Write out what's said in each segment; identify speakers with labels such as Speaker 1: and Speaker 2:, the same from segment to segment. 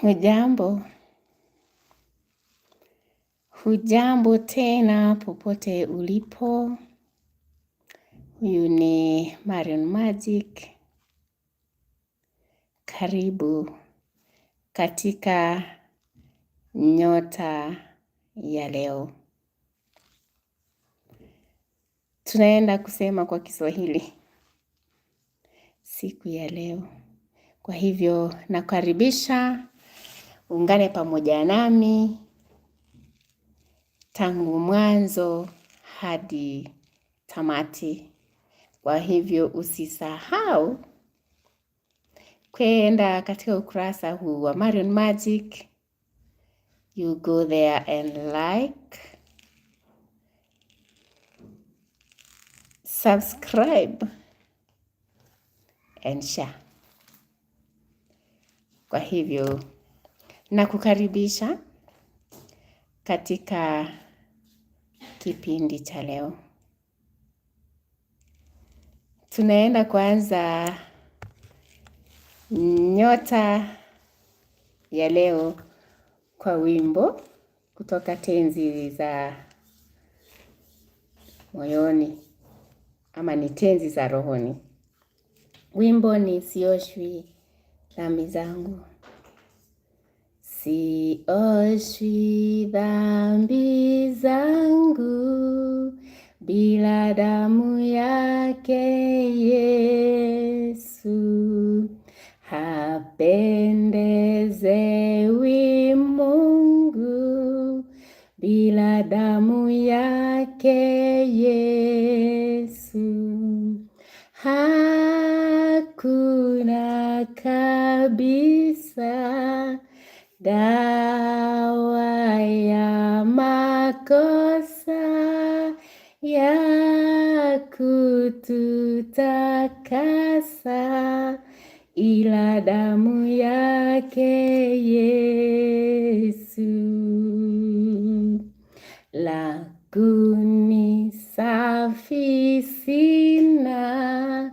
Speaker 1: Hujambo, hujambo tena popote ulipo. Huyu ni Marion Magic. Karibu katika nyota ya leo. Tunaenda kusema kwa Kiswahili siku ya leo. Kwa hivyo nakukaribisha Ungane pamoja nami tangu mwanzo hadi tamati. Kwa hivyo usisahau kwenda katika ukurasa huu wa Marion Magic, you go there and like, subscribe and share. Kwa hivyo na kukaribisha katika kipindi cha leo. Tunaenda kuanza nyota ya leo kwa wimbo kutoka tenzi za moyoni ama ni tenzi za rohoni. Wimbo ni sioshwi dhambi zangu sioshwi dhambi zangu bila damu yake Yesu, hapendezewi Mungu bila damu yake Yesu. Hakuna kabisa Dawa ya makosa ya kututakasa ila damu yake Yesu la safi sina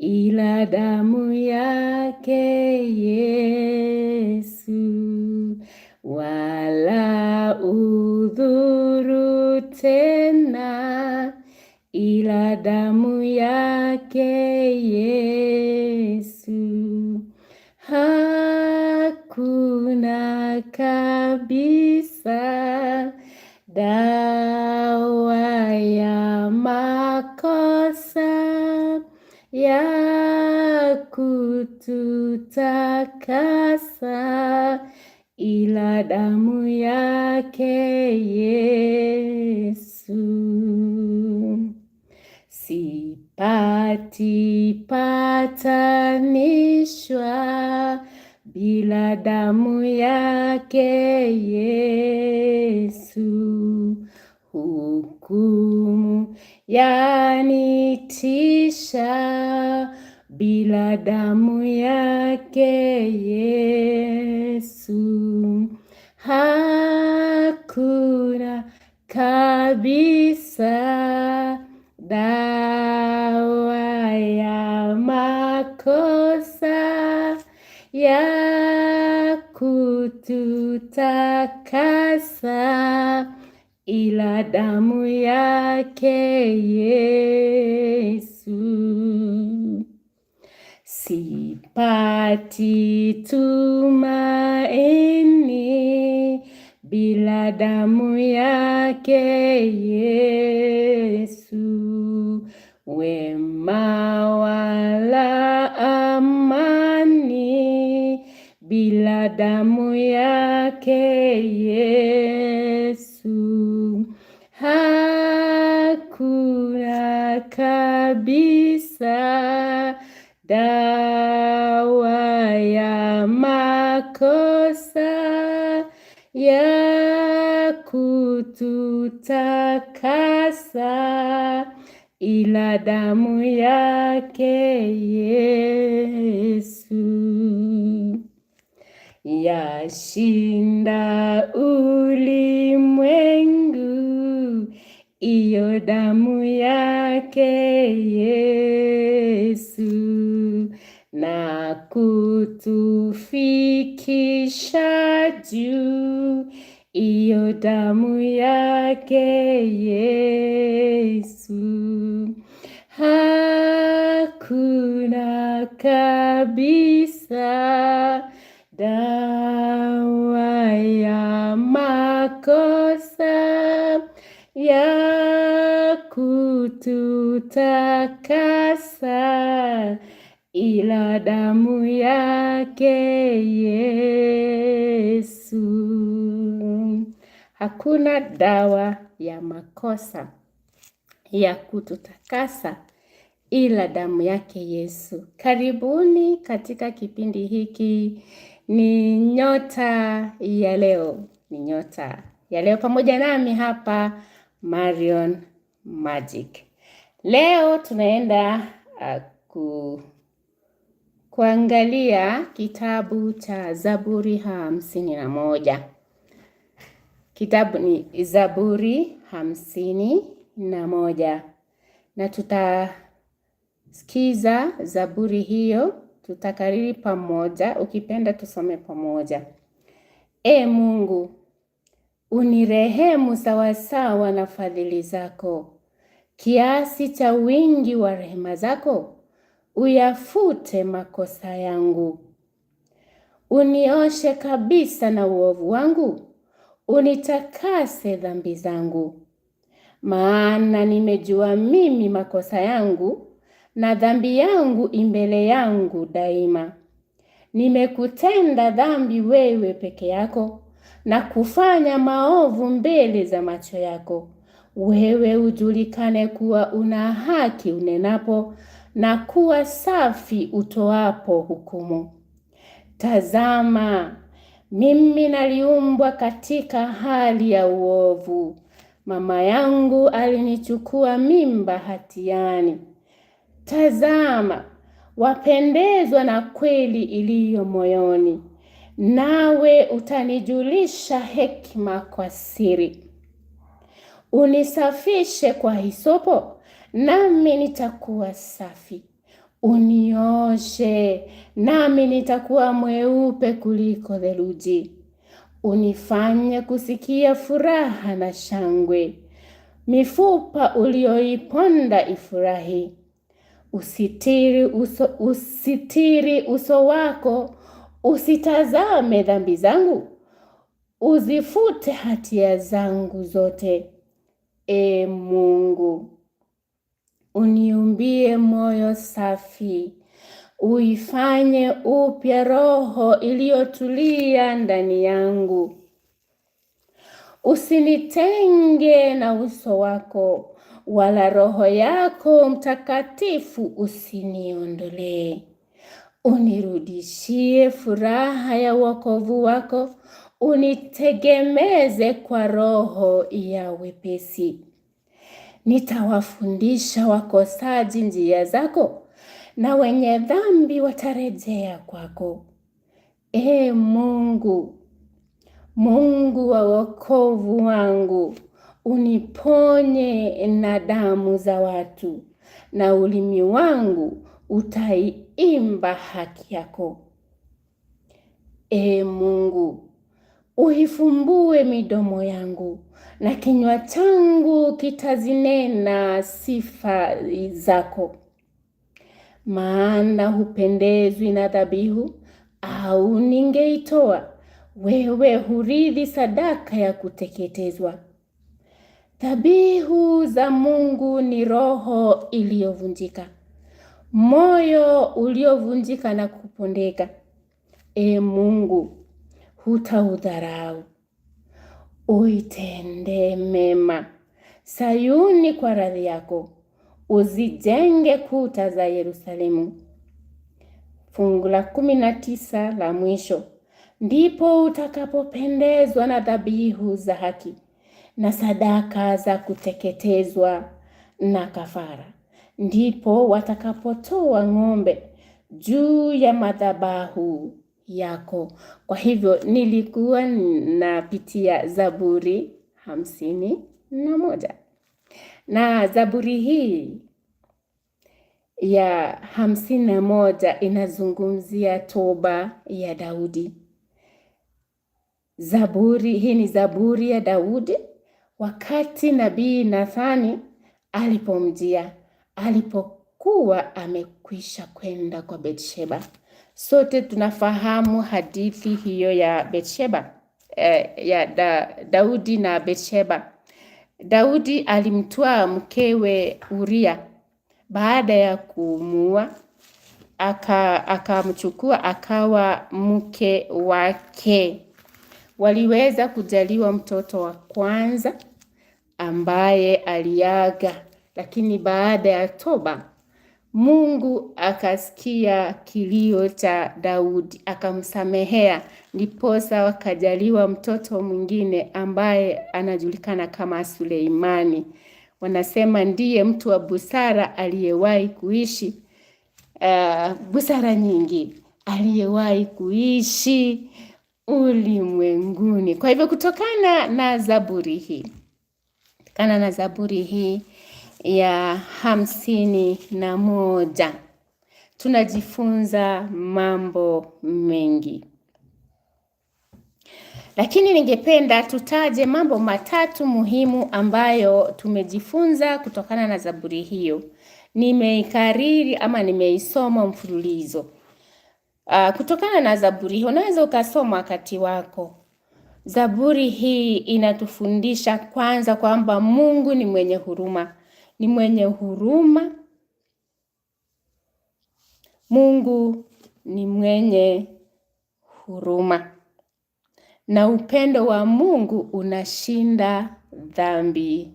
Speaker 1: ila damu yake Yesu wala udhuru tena, ila damu yake Yesu hakuna kabisa dawa ya makosa ya kututakasa ila damu yake Yesu sipati patanishwa bila damu yake Yesu, hukumu yanitisha bila damu yake Yesu. Yesu, hakuna kabisa dawa ya makosa ya kututakasa ila damu yake Yesu, sipati wake Yesu, wema wala amani bila damu ya kutakasa ila damu yake Yesu yashinda ulimwengu, iyo damu yake Yesu na kutufikisha juu iyo damu yake Yesu, hakuna kabisa dawa ya makosa ya kututakasa ila damu yake Yesu. Hakuna dawa ya makosa ya kututakasa ila damu yake Yesu. Karibuni katika kipindi hiki, ni nyota ya leo, ni nyota ya leo pamoja nami hapa Marion Magic. Leo tunaenda uh, ku, kuangalia kitabu cha Zaburi hamsini na moja. Kitabu ni Zaburi hamsini na moja na tutasikiza zaburi hiyo, tutakariri pamoja. Ukipenda tusome pamoja. E Mungu, unirehemu sawasawa na fadhili zako, kiasi cha wingi wa rehema zako uyafute makosa yangu, unioshe kabisa na uovu wangu unitakase dhambi zangu, maana nimejua mimi makosa yangu, na dhambi yangu imbele yangu daima. Nimekutenda dhambi wewe peke yako, na kufanya maovu mbele za macho yako. Wewe ujulikane kuwa una haki unenapo, na kuwa safi utoapo hukumu. Tazama, mimi naliumbwa katika hali ya uovu, mama yangu alinichukua mimba hatiani. Tazama, wapendezwa na kweli iliyo moyoni, nawe utanijulisha hekima kwa siri. Unisafishe kwa hisopo, nami nitakuwa safi Unioshe nami nitakuwa mweupe kuliko theluji. Unifanye kusikia furaha na shangwe, mifupa ulioiponda ifurahi. Usitiri uso, usitiri uso wako, usitazame dhambi zangu, uzifute hatia zangu zote. E Mungu, uniumbie moyo safi, uifanye upya roho iliyotulia ndani yangu. Usinitenge na uso wako, wala Roho yako Mtakatifu usiniondolee. Unirudishie furaha ya wokovu wako, unitegemeze kwa roho ya wepesi nitawafundisha wakosaji njia zako, na wenye dhambi watarejea kwako. E Mungu, Mungu wa wokovu wangu, uniponye na damu za watu, na ulimi wangu utaiimba haki yako. E Mungu, uifumbue midomo yangu na kinywa changu kitazinena sifa zako. Maana hupendezwi na dhabihu, au ningeitoa; wewe huridhi sadaka ya kuteketezwa. Dhabihu za Mungu ni roho iliyovunjika, moyo uliovunjika na kupondeka. e Mungu, hutaudharau uitendee mema Sayuni kwa radhi yako, uzijenge kuta za Yerusalemu. Fungu la kumi na tisa la mwisho: ndipo utakapopendezwa na dhabihu za haki na sadaka za kuteketezwa na kafara, ndipo watakapotoa ng'ombe juu ya madhabahu yako. Kwa hivyo nilikuwa napitia Zaburi hamsini na moja na Zaburi hii ya hamsini na moja inazungumzia toba ya Daudi. Zaburi hii ni Zaburi ya Daudi wakati Nabii Nathani alipomjia alipokuwa amekwisha kwenda kwa Betsheba. Sote tunafahamu hadithi hiyo ya Betsheba, eh, ya da, Daudi na Betsheba. Daudi alimtoa mkewe Uria baada ya kumuua, akamchukua aka akawa mke wake. Waliweza kujaliwa mtoto wa kwanza ambaye aliaga, lakini baada ya toba Mungu akasikia kilio cha Daudi akamsamehea, ndiposa wakajaliwa mtoto mwingine ambaye anajulikana kama Suleimani. Wanasema ndiye mtu wa busara aliyewahi kuishi, uh, busara nyingi aliyewahi kuishi ulimwenguni. Kwa hivyo kutokana na zaburi hii, kutokana na zaburi hii ya hamsini na moja tunajifunza mambo mengi, lakini ningependa tutaje mambo matatu muhimu ambayo tumejifunza kutokana na Zaburi hiyo. Nimeikariri ama nimeisoma mfululizo uh, kutokana na Zaburi hiyo. Unaweza ukasoma wakati wako. Zaburi hii inatufundisha kwanza kwamba Mungu ni mwenye huruma ni mwenye huruma. Mungu ni mwenye huruma. Na upendo wa Mungu unashinda dhambi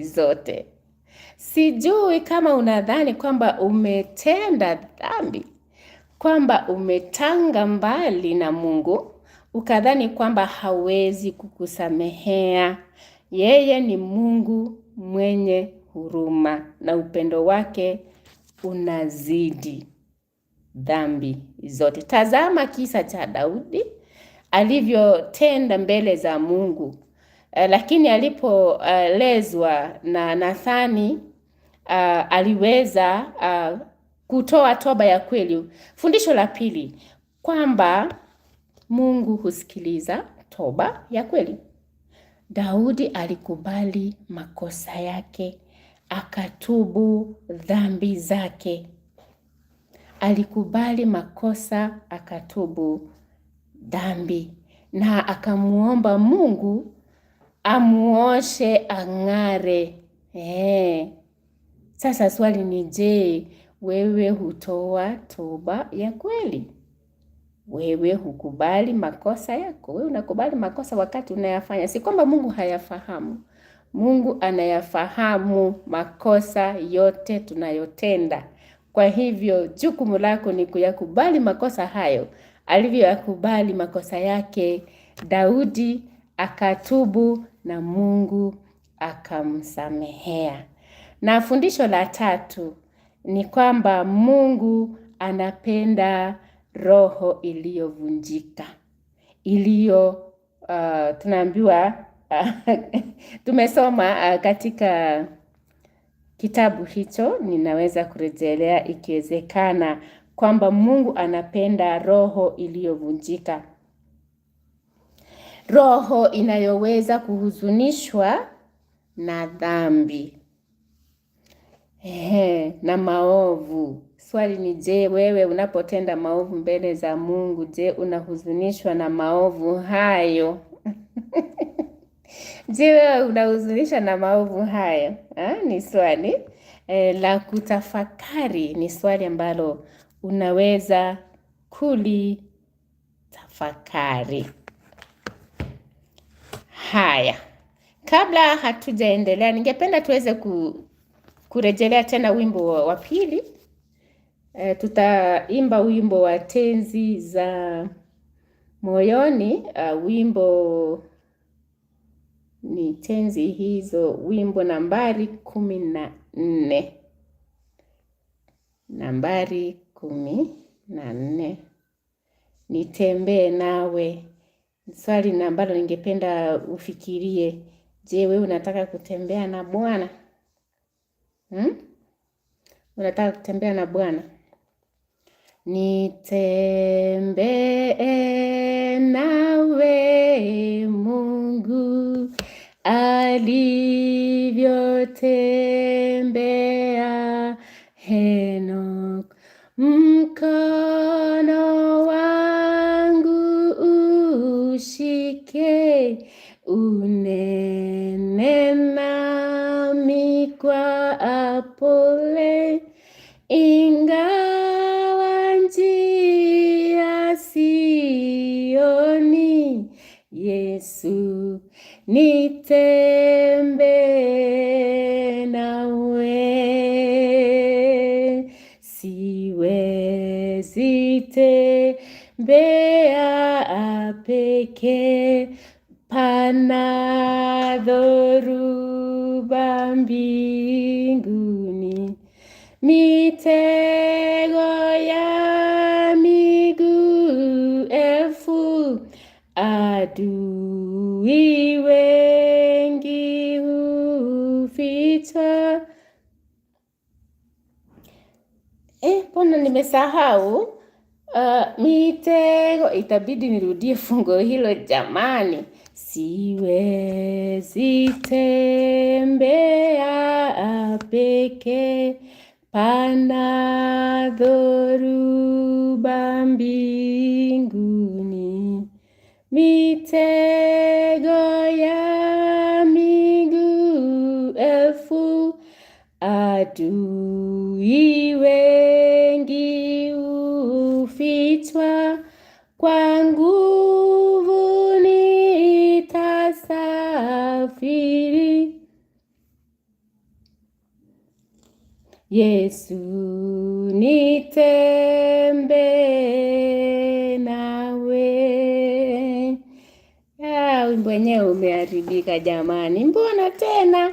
Speaker 1: zote. Sijui kama unadhani kwamba umetenda dhambi, kwamba umetanga mbali na Mungu, ukadhani kwamba hawezi kukusamehea. Yeye ni Mungu mwenye huruma na upendo wake unazidi dhambi zote. Tazama kisa cha Daudi alivyotenda mbele za Mungu. Uh, lakini alipolezwa uh, na Nathani uh, aliweza uh, kutoa toba ya kweli. Fundisho la pili kwamba Mungu husikiliza toba ya kweli. Daudi alikubali makosa yake akatubu dhambi zake. Alikubali makosa, akatubu dhambi na akamuomba Mungu amuoshe ang'are. Eh, sasa swali ni je, wewe hutoa toba ya kweli? Wewe hukubali makosa yako? Wewe unakubali makosa wakati unayafanya, si kwamba Mungu hayafahamu Mungu anayafahamu makosa yote tunayotenda. Kwa hivyo jukumu lako ni kuyakubali makosa hayo, alivyoyakubali makosa yake Daudi, akatubu na Mungu akamsamehea. Na fundisho la tatu ni kwamba Mungu anapenda roho iliyovunjika, iliyo uh, tunaambiwa tumesoma uh, katika kitabu hicho, ninaweza kurejelea ikiwezekana, kwamba Mungu anapenda roho iliyovunjika, roho inayoweza kuhuzunishwa na dhambi Ehe, na maovu. Swali ni je, wewe unapotenda maovu mbele za Mungu, je, unahuzunishwa na maovu hayo? Je, wewe unahuzunisha na maovu haya? Ha, ni swali e, la kutafakari. Ni swali ambalo unaweza kulitafakari. Haya, kabla hatujaendelea, ningependa tuweze ku, kurejelea tena wimbo wa pili. E, tutaimba wimbo wa tenzi za moyoni, uh, wimbo ni tenzi hizo, wimbo nambari kumi na nne nambari kumi na nne nitembee nawe. Swali na ambalo ningependa ufikirie, je, wewe unataka kutembea na Bwana hmm? Unataka kutembea na Bwana? Nitembee nawe alivyotembea Henok, mkono wangu ushike u nitembee nawe, siwezi tembea apeke pana dhoruba mbinguni, mitego ya miguu elfu adui nimesahau uh, mitego, itabidi nirudie fungo hilo jamani. Siwezi tembea peke pana dhoruba mbinguni, mitego ya miguu elfu adui Kwa nguvu nitasafiri. Yesu nitembe nawe. Ah, wimbo wenyewe umeharibika jamani, mbona tena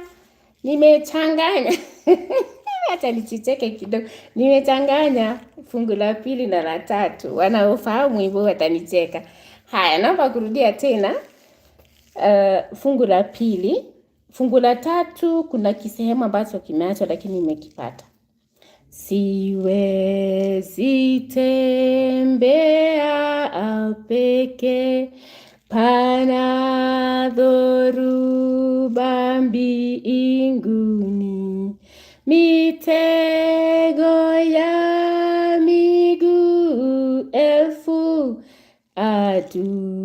Speaker 1: nimechanganya hata nichicheke kidogo, nimechanganya fungu la pili na la tatu. Wanaofahamu hivyo watanicheka. Haya, naomba kurudia tena. Uh, fungu la pili, fungu la tatu, kuna kisehemu ambacho kimeachwa lakini nimekipata. Siwezi tembea apeke, pana dhoruba mbingu Mitego ya miguu elfu adu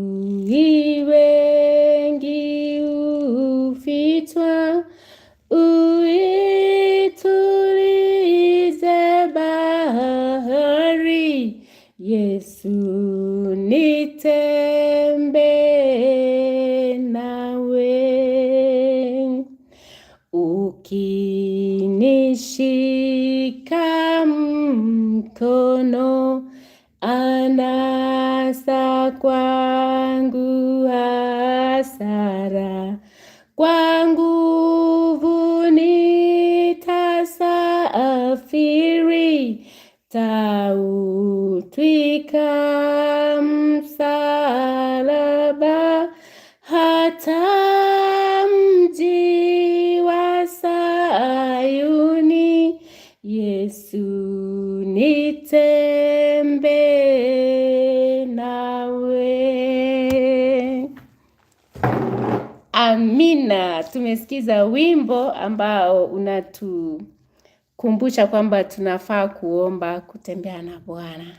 Speaker 1: kunishika mkono anasa kwa tumesikiza wimbo ambao unatukumbusha kwamba tunafaa kuomba kutembea na Bwana,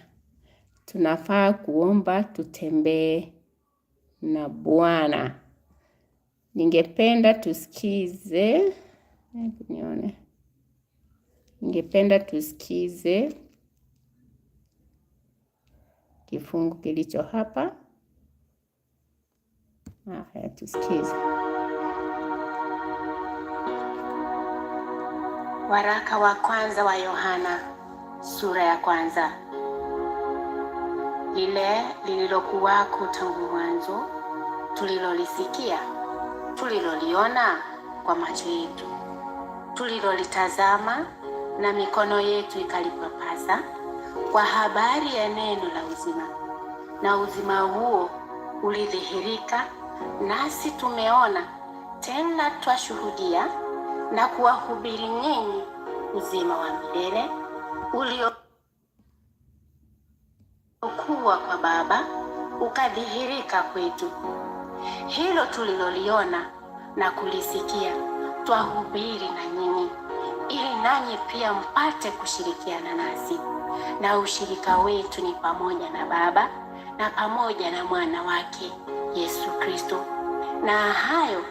Speaker 1: tunafaa kuomba tutembee na Bwana. Ningependa tusikize, nione, ningependa tusikize kifungu kilicho hapa. Haya, tusikize.
Speaker 2: Waraka wa kwanza wa Yohana sura ya kwanza. Lile lililokuwako tangu mwanzo, tulilolisikia, tuliloliona kwa macho yetu, tulilolitazama na mikono yetu ikalipapasa, kwa habari ya neno la uzima. Na uzima huo ulidhihirika, nasi tumeona, tena twashuhudia na kuwahubiri nyinyi uzima wa milele uliokuwa kwa Baba ukadhihirika kwetu. Hilo tuliloliona na kulisikia twahubiri na nyinyi, ili nanyi pia mpate kushirikiana nasi, na ushirika wetu ni pamoja na Baba na pamoja na mwana wake Yesu Kristo, na hayo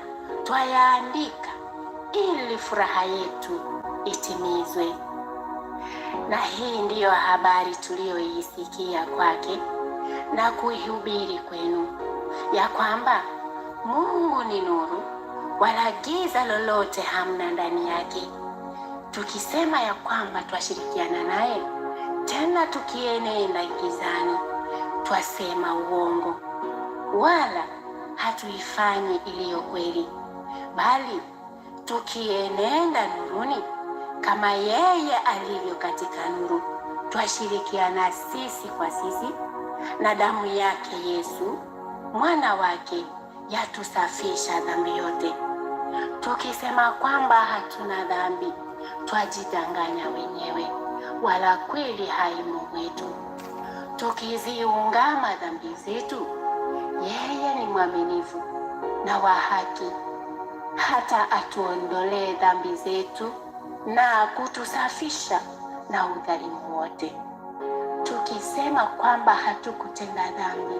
Speaker 2: twayaandika ili furaha yetu itimizwe. Na hii ndiyo habari tuliyoisikia kwake na kuihubiri kwenu, ya kwamba Mungu ni nuru, wala giza lolote hamna ndani yake. Tukisema ya kwamba twashirikiana naye, tena tukienenda gizani, twasema uongo, wala hatuifanyi iliyo kweli, bali tukienenda nuruni kama yeye alivyo katika nuru, twashirikiana sisi kwa sisi na damu yake Yesu mwana wake yatusafisha dhambi yote. Tukisema kwamba hatuna dhambi, twajidanganya wenyewe, wala kweli haimo wetu Tukiziungama dhambi zetu, yeye ni mwaminifu na wa haki hata atuondolee dhambi zetu na kutusafisha na udhalimu wote. Tukisema kwamba hatukutenda dhambi,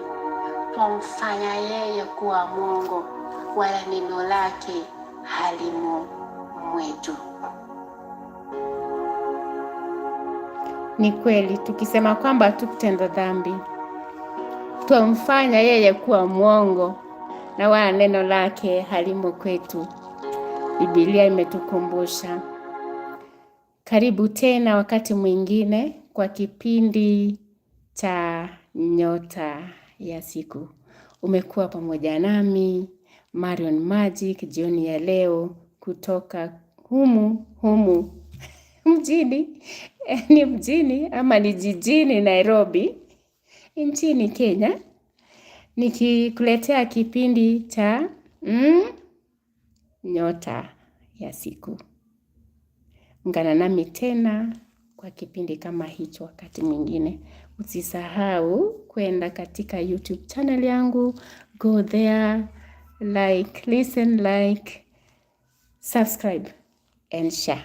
Speaker 2: twamfanya yeye kuwa mwongo, wala neno lake halimo mwetu.
Speaker 1: Ni kweli, tukisema kwamba hatukutenda dhambi, twamfanya yeye kuwa mwongo na wala neno lake halimo kwetu. Biblia imetukumbusha. Karibu tena wakati mwingine kwa kipindi cha Nyota ya Siku. Umekuwa pamoja nami Marion Magic jioni ya leo kutoka humu humu mjini ni mjini ama ni jijini Nairobi nchini Kenya nikikuletea kipindi cha mm, nyota ya siku. Ungana nami tena kwa kipindi kama hicho wakati mwingine. Usisahau kwenda katika YouTube channel yangu, go there, like, listen, like, subscribe and share.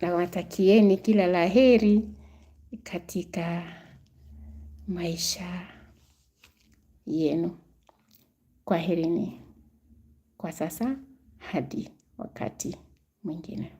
Speaker 1: Nawatakieni kila laheri katika maisha yenu. Kwaherini kwa sasa hadi wakati mwingine.